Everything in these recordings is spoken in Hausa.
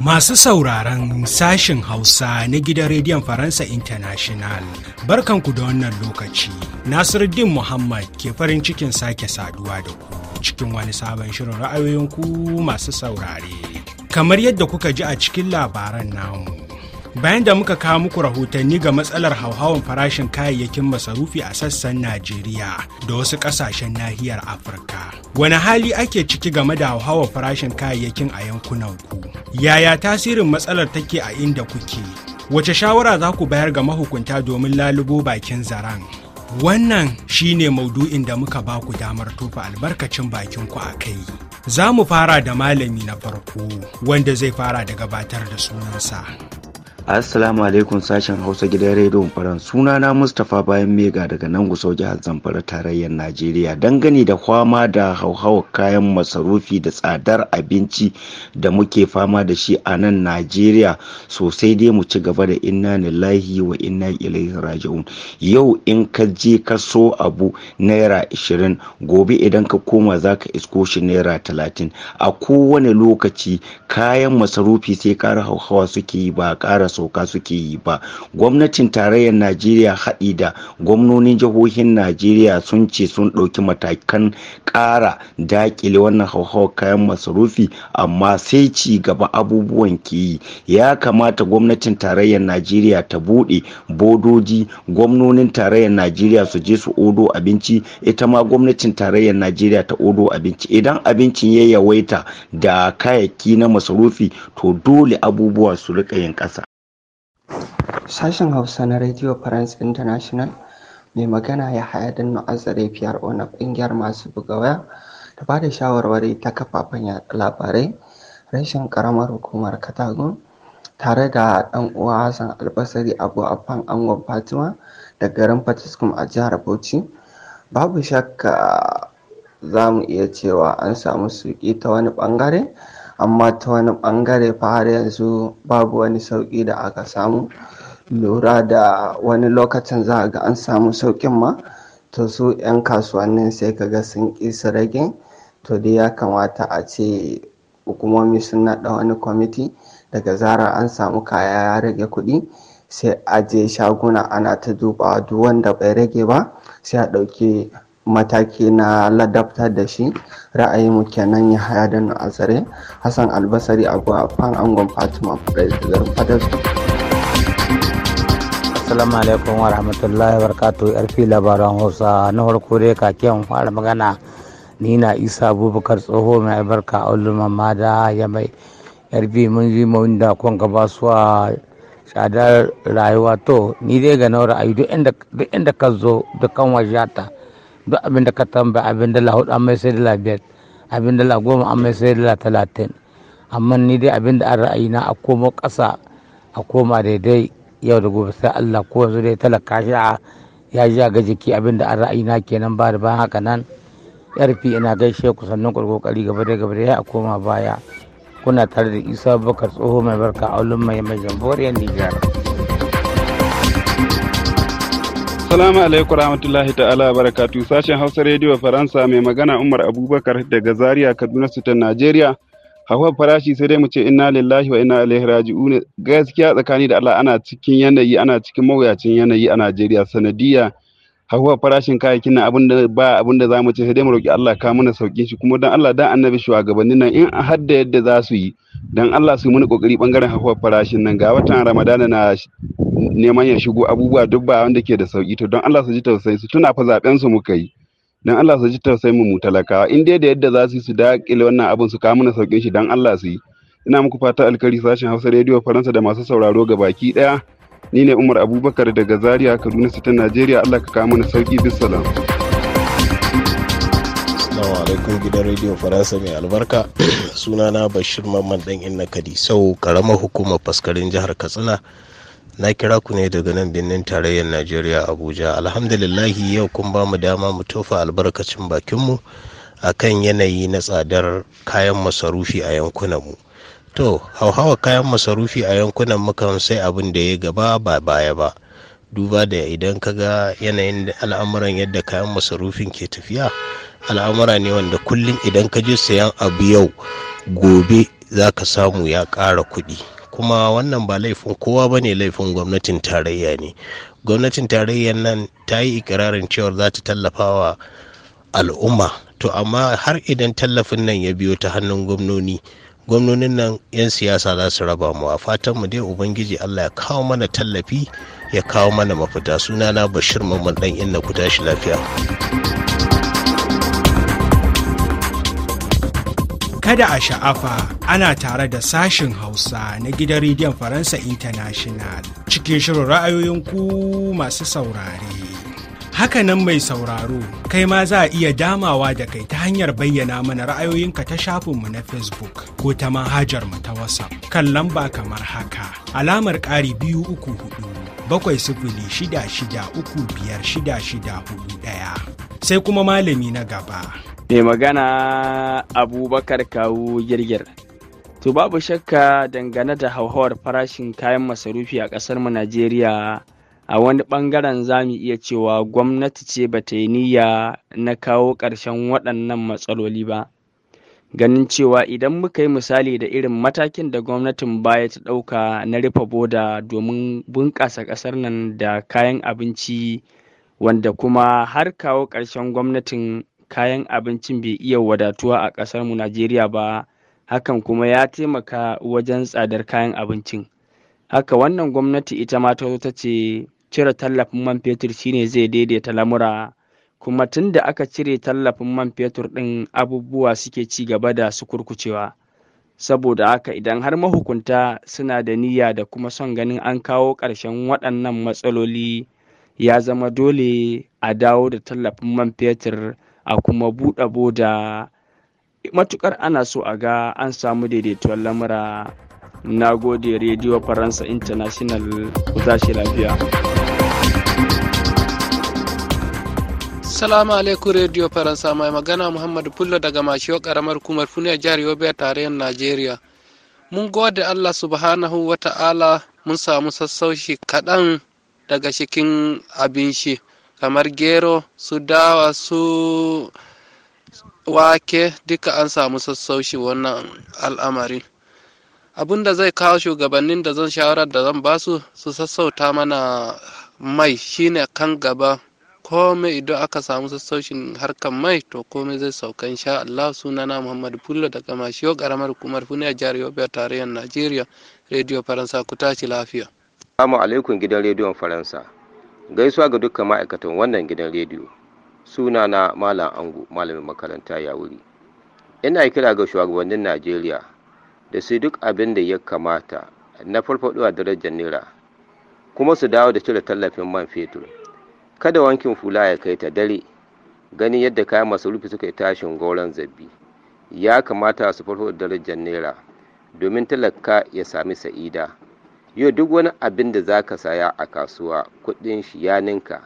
Masu sauraron sashen Hausa na gidan Rediyon Faransa International, barkanku da wannan lokaci, Nasiruddin Muhammad ke farin cikin sake saduwa da ku cikin wani sabon shirin ra'ayoyinku masu saurare. Kamar yadda kuka ji a cikin labaran namu. bayan da muka kawo muku rahotanni ga matsalar hauhawan farashin kayayyakin masarufi a sassan najeriya da wasu kasashen nahiyar afirka wani hali ake ciki game da hauhawan farashin kayayyakin a yankunan ku yaya tasirin matsalar take a inda kuke wace shawara za ku bayar ga mahukunta domin lalubo bakin zaren wannan shine maudu'in da muka ba ku damar tofa albarkacin bakin ku a kai za mu fara da malami na farko wanda zai fara da gabatar da sunansa Assalamu alaikum sashen Hausa gidan rediyon Faran suna na Mustapha bayan Mega daga nan Gusau jihar Zamfara tarayyar Najeriya dangane da kwama da hauhawar kayan masarufi da tsadar abinci da muke fama da shi a nan Najeriya sosai dai mu ci gaba da inna lillahi wa inna ilaihi raji'un yau in ka je ka so abu naira 20 gobe idan ka koma zaka isko shi naira 30 a kowane lokaci kayan masarufi sai kara hauhawa suke yi ba ƙara soka suke yi ba gwamnatin tarayyar najeriya haɗi da gwamnonin jihohin najeriya sun ce sun ɗauki matakan ƙara daƙile wannan hauhawar kayan masarufi amma sai ci gaba abubuwan ke yi ya kamata gwamnatin tarayyar najeriya ta buɗe bodoji gwamnonin tarayyar najeriya su je su odo abinci ita ma gwamnatin tarayyar najeriya ta odo abinci idan abincin ya yawaita da kayayyaki na masarufi to dole abubuwa su riƙa yin ƙasa Sashen Hausa na Radio France International mai magana ya haya don azare PRO na ƙungiyar masu buga waya da ba da shawarwari ta kafafen yaɗa labarai rashin ƙaramar hukumar Katako, tare da ɗan uwa Hassan Albasari Abu Afan Angon Fatima da garin Fatiskum a jihar Bauchi. Babu shakka za mu iya cewa an samu suƙi ta wani ɓangare amma ta wani ɓangare fa har yanzu babu wani sauƙi da aka samu. lura da wani lokacin za a ga an samu saukin ma to su 'yan kasuwannin sai ka ga sun ƙi ragin to dai ya kamata a ce hukumomi sun naɗa wani kwamiti daga zara an samu kaya ya rage kuɗi sai a je shaguna ana ta duba duk wanda bai rage ba sai a ɗauki mataki na ladabtar da shi ra'ayin mu kenan ya haya da azare hassan albasari a fan angon fatima fadar assalamu alaikum wa rahmatullahi wa barakatu yarfi labaran hausa na farko dai kakiyan fara magana ni na isa abubakar tsoho mai albarka a ulumar mada ya mai yarfi mun ji mawin da kun gaba suwa tsadar rayuwa to ni dai ga nawa ra'ayi duk inda ka zo dukkan wajata duk abin da ka tambaya abin da lahudu an mai sai dala biyar abin da goma an mai sai dala talatin amma ni dai abin da an ra'ayi na a komo ƙasa a koma daidai yau da gobe sai Allah ko yanzu dai talaka shi a ya ji ga jiki abin da an ra'ayi na kenan ba da ban haka nan yarfi ina gaishe ku sannan ku kokari gaba da gaba da ya koma baya kuna tare da Isa Bakar tsoho mai barka a ulun mai mai jamboriyar Nijar. Salamu alaikum rahmatullahi ta'ala barakatu sashen Hausa Radio Faransa mai magana Umar Abubakar daga Zaria Kaduna Sitan Najeriya. hauhawar farashi sai dai mu ce inna lillahi wa inna ilaihi raji'un gaskiya tsakani da Allah ana cikin yanayi ana cikin mawuyacin yanayi a Najeriya sanadiya hauhawar farashin kayayyakin nan abinda ba abinda za mu ce sai dai mu roki Allah ka mana sauki shi kuma dan Allah dan annabi shugabannin nan in a hadda yadda za su yi dan Allah su yi muni kokari bangaren hauhawar farashin nan ga watan Ramadana na neman ya shigo abubuwa duk ba wanda ke da sauki to don Allah su ji tausayi su tuna fa zaben su muka yi dan Allah su ji tausayin mu talakawa in dai da yadda za su yi su daƙile wannan abin su kawo mana saukin shi dan Allah su yi ina muku fata alkari sashen Hausa Radio Faransa da masu sauraro ga baki daya ni ne Umar Abubakar daga Zaria Kaduna City Najeriya Allah ka kawo mana sauki bisalam Assalamu alaikum gidan Radio Faransa mai albarka sunana Bashir Mamman dan Inna Kadi sau karamar hukumar faskarin jihar Katsina na kira ku ne daga nan birnin tarayyar najeriya abuja alhamdulillahi yau kun ba mu dama mu tofa albarkacin bakinmu a kan yanayi na tsadar kayan masarufi a yankunanmu to hauhawa kayan masarufi a yankunan kan sai abin da ya gaba ba baya ba duba da idan ka ga yanayin al'amuran yadda kayan masarufin ke tafiya al'amura ne wanda kullum idan ka je sayan abu yau gobe za ka samu ya ƙara kuɗi kuma wannan ba laifin kowa ba ne laifin gwamnatin tarayya ne gwamnatin tarayyar nan ta yi ikirarin cewar za ta tallafa wa al'umma to amma har idan tallafin nan ya biyo ta hannun gwamnoni gwamnonin nan 'yan siyasa za su raba mu a fatan mu dai ubangiji allah ya kawo mana tallafi ya kawo mana mafita suna na bashir mamman dan inna ku tashi lafiya kada a sha'afa ana tare da sashin Hausa na gidan rediyon Faransa International cikin shirin ra'ayoyin ku masu saurare. Hakanan mai sauraro, kai ma za a iya damawa da kai ta hanyar bayyana mana ra'ayoyinka ta shafinmu na Facebook ko ta manhajar mu ta WhatsApp kan lamba kamar haka. Alamar ƙari biyu uku hudu, bakwai sifili shida shida uku biyar shida shida hudu ɗaya. Sai kuma malami na gaba. mai magana abubakar kawo girgir to babu shakka dangane da hauhawar farashin kayan masarufi a ƙasar mu najeriya a wani ɓangaren za mu iya cewa gwamnati ce ba ta yi niyya na kawo ƙarshen waɗannan matsaloli ba ganin cewa idan muka yi misali da irin matakin da gwamnatin baya ta ɗauka na rufe boda domin bunƙasa ƙasar nan da kayan abinci wanda kuma har kawo ƙarshen gwamnatin kayan abincin bai iya wadatuwa a ƙasar mu Najeriya ba hakan kuma ya taimaka wajen tsadar kayan abincin haka wannan gwamnati ita ma ta ta ce cire tallafin man fetur shine zai daidaita lamura kuma tun da aka cire tallafin man fetur ɗin abubuwa suke ci gaba da su kurkucewa saboda haka idan har mahukunta suna da niyya da kuma son ganin an kawo ƙarshen waɗannan matsaloli ya zama dole a dawo da tallafin man fetur a kuma buɗe boda matukar ana so a ga an samu daidaituwar lamura na gode rediyo faransa international ku shi lafiya Salamu alaikum rediyo Faransa mai magana Muhammadu Fullo daga Mashiwa karamar kumar Funiyar jihar Yobe a tarayyar Najeriya. Mun gode Allah subhanahu wa ta'ala mun samu sassauci kaɗan daga cikin abin shi. kamar gero su dawa su wake duka an samu sassauci wannan al'amarin abin da zai kawo shugabannin da zan shawarar da zan basu su sassauta mana mai shine kan gaba komai idan aka samu sassaucin harkar mai to komai zai sauka insha Allah sunana Muhammad Bullo daga Mashiyo karamar hukumar Fune a jihar Yobe tarayyar Najeriya Radio Faransa ku tashi lafiya Assalamu alaikum gidan rediyon Faransa gaisuwa ga dukkan ma'aikatan wannan gidan rediyo suna na malam ango malamin makaranta ya wuri ina kira ga shugabannin najeriya da su duk abin da ya kamata na a darajar naira kuma su dawo da cire tallafin man fetur kada wankin fula ya kai ta dare gani yadda kayan masarufi suka yi tashin goron zabi, ya kamata su farfaɗo darajar naira domin talaka ya sami sa'ida yau duk wani abin da za ka saya a kasuwa kuɗin shi ya ninka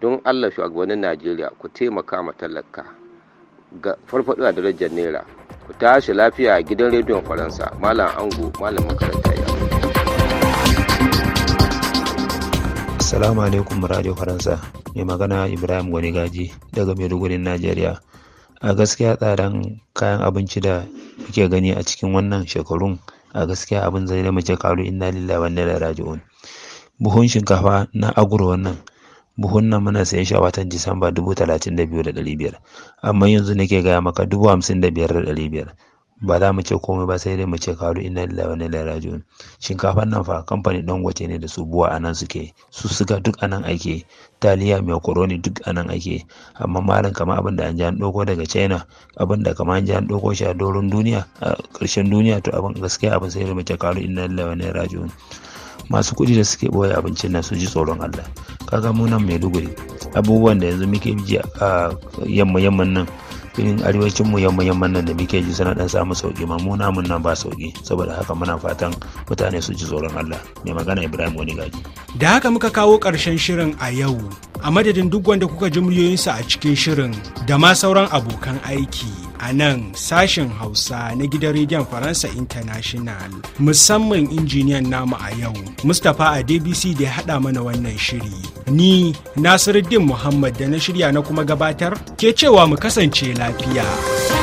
don allah shugabannin najeriya ku taimaka ma talaka ga farfaɗo darajar naira ku tashi lafiya a gidan rediyon faransa malam ango malam makaranta ya Salamu alaikum Radio Faransa, mai magana Ibrahim Gwani Gaji daga Maiduguri, Najeriya. A gaskiya tsadan kayan abinci da kuke gani a cikin wannan shekarun a gaskiya abin zai da mace karu inna lillahi wa inna ilaihi raji'un buhun shinkafa na agro wannan buhun nan muna sayan shi a watan disamba dubu talatin da biyu da ɗari biyar amma yanzu nake gaya maka dubu hamsin da biyar da ɗari biyar ba za mu ce komai ba sai dai mu ce kalu inna lillahi wa inna ilaihi raji'un shinkafan nan fa kamfani wace ne da su buwa anan suke su suka duk anan ake taliya mai koroni duk anan ake amma malam kamar abin da an ji an doko daga china abin da kamar an ji an doko shi a doron duniya a ƙarshen duniya to abin gaskiya abin sai dai mu ce kalu inna lillahi wa inna ilaihi raji'un masu kuɗi da suke ɓoye abincin nan su ji tsoron Allah kaga mu nan Maiduguri abubuwan da yanzu muke ji a yamma yamman nan filin arewacin mu yamma yamman nan da muke ji suna dan samu sauki ma mu namun nan ba sauki saboda haka muna fatan mutane su ji tsoron Allah mai magana Ibrahim wani gaji da haka muka kawo karshen shirin a yau a madadin duk wanda kuka ji muryoyinsa a cikin shirin da ma sauran abokan aiki a nan sashen Hausa na gidan rediyon Faransa International musamman injiniyan namu a yau Mustapha a DBC da ya haɗa mana wannan shiri. Ni Nasiruddin Muhammad da na shirya na kuma gabatar ke cewa mu kasance lafiya.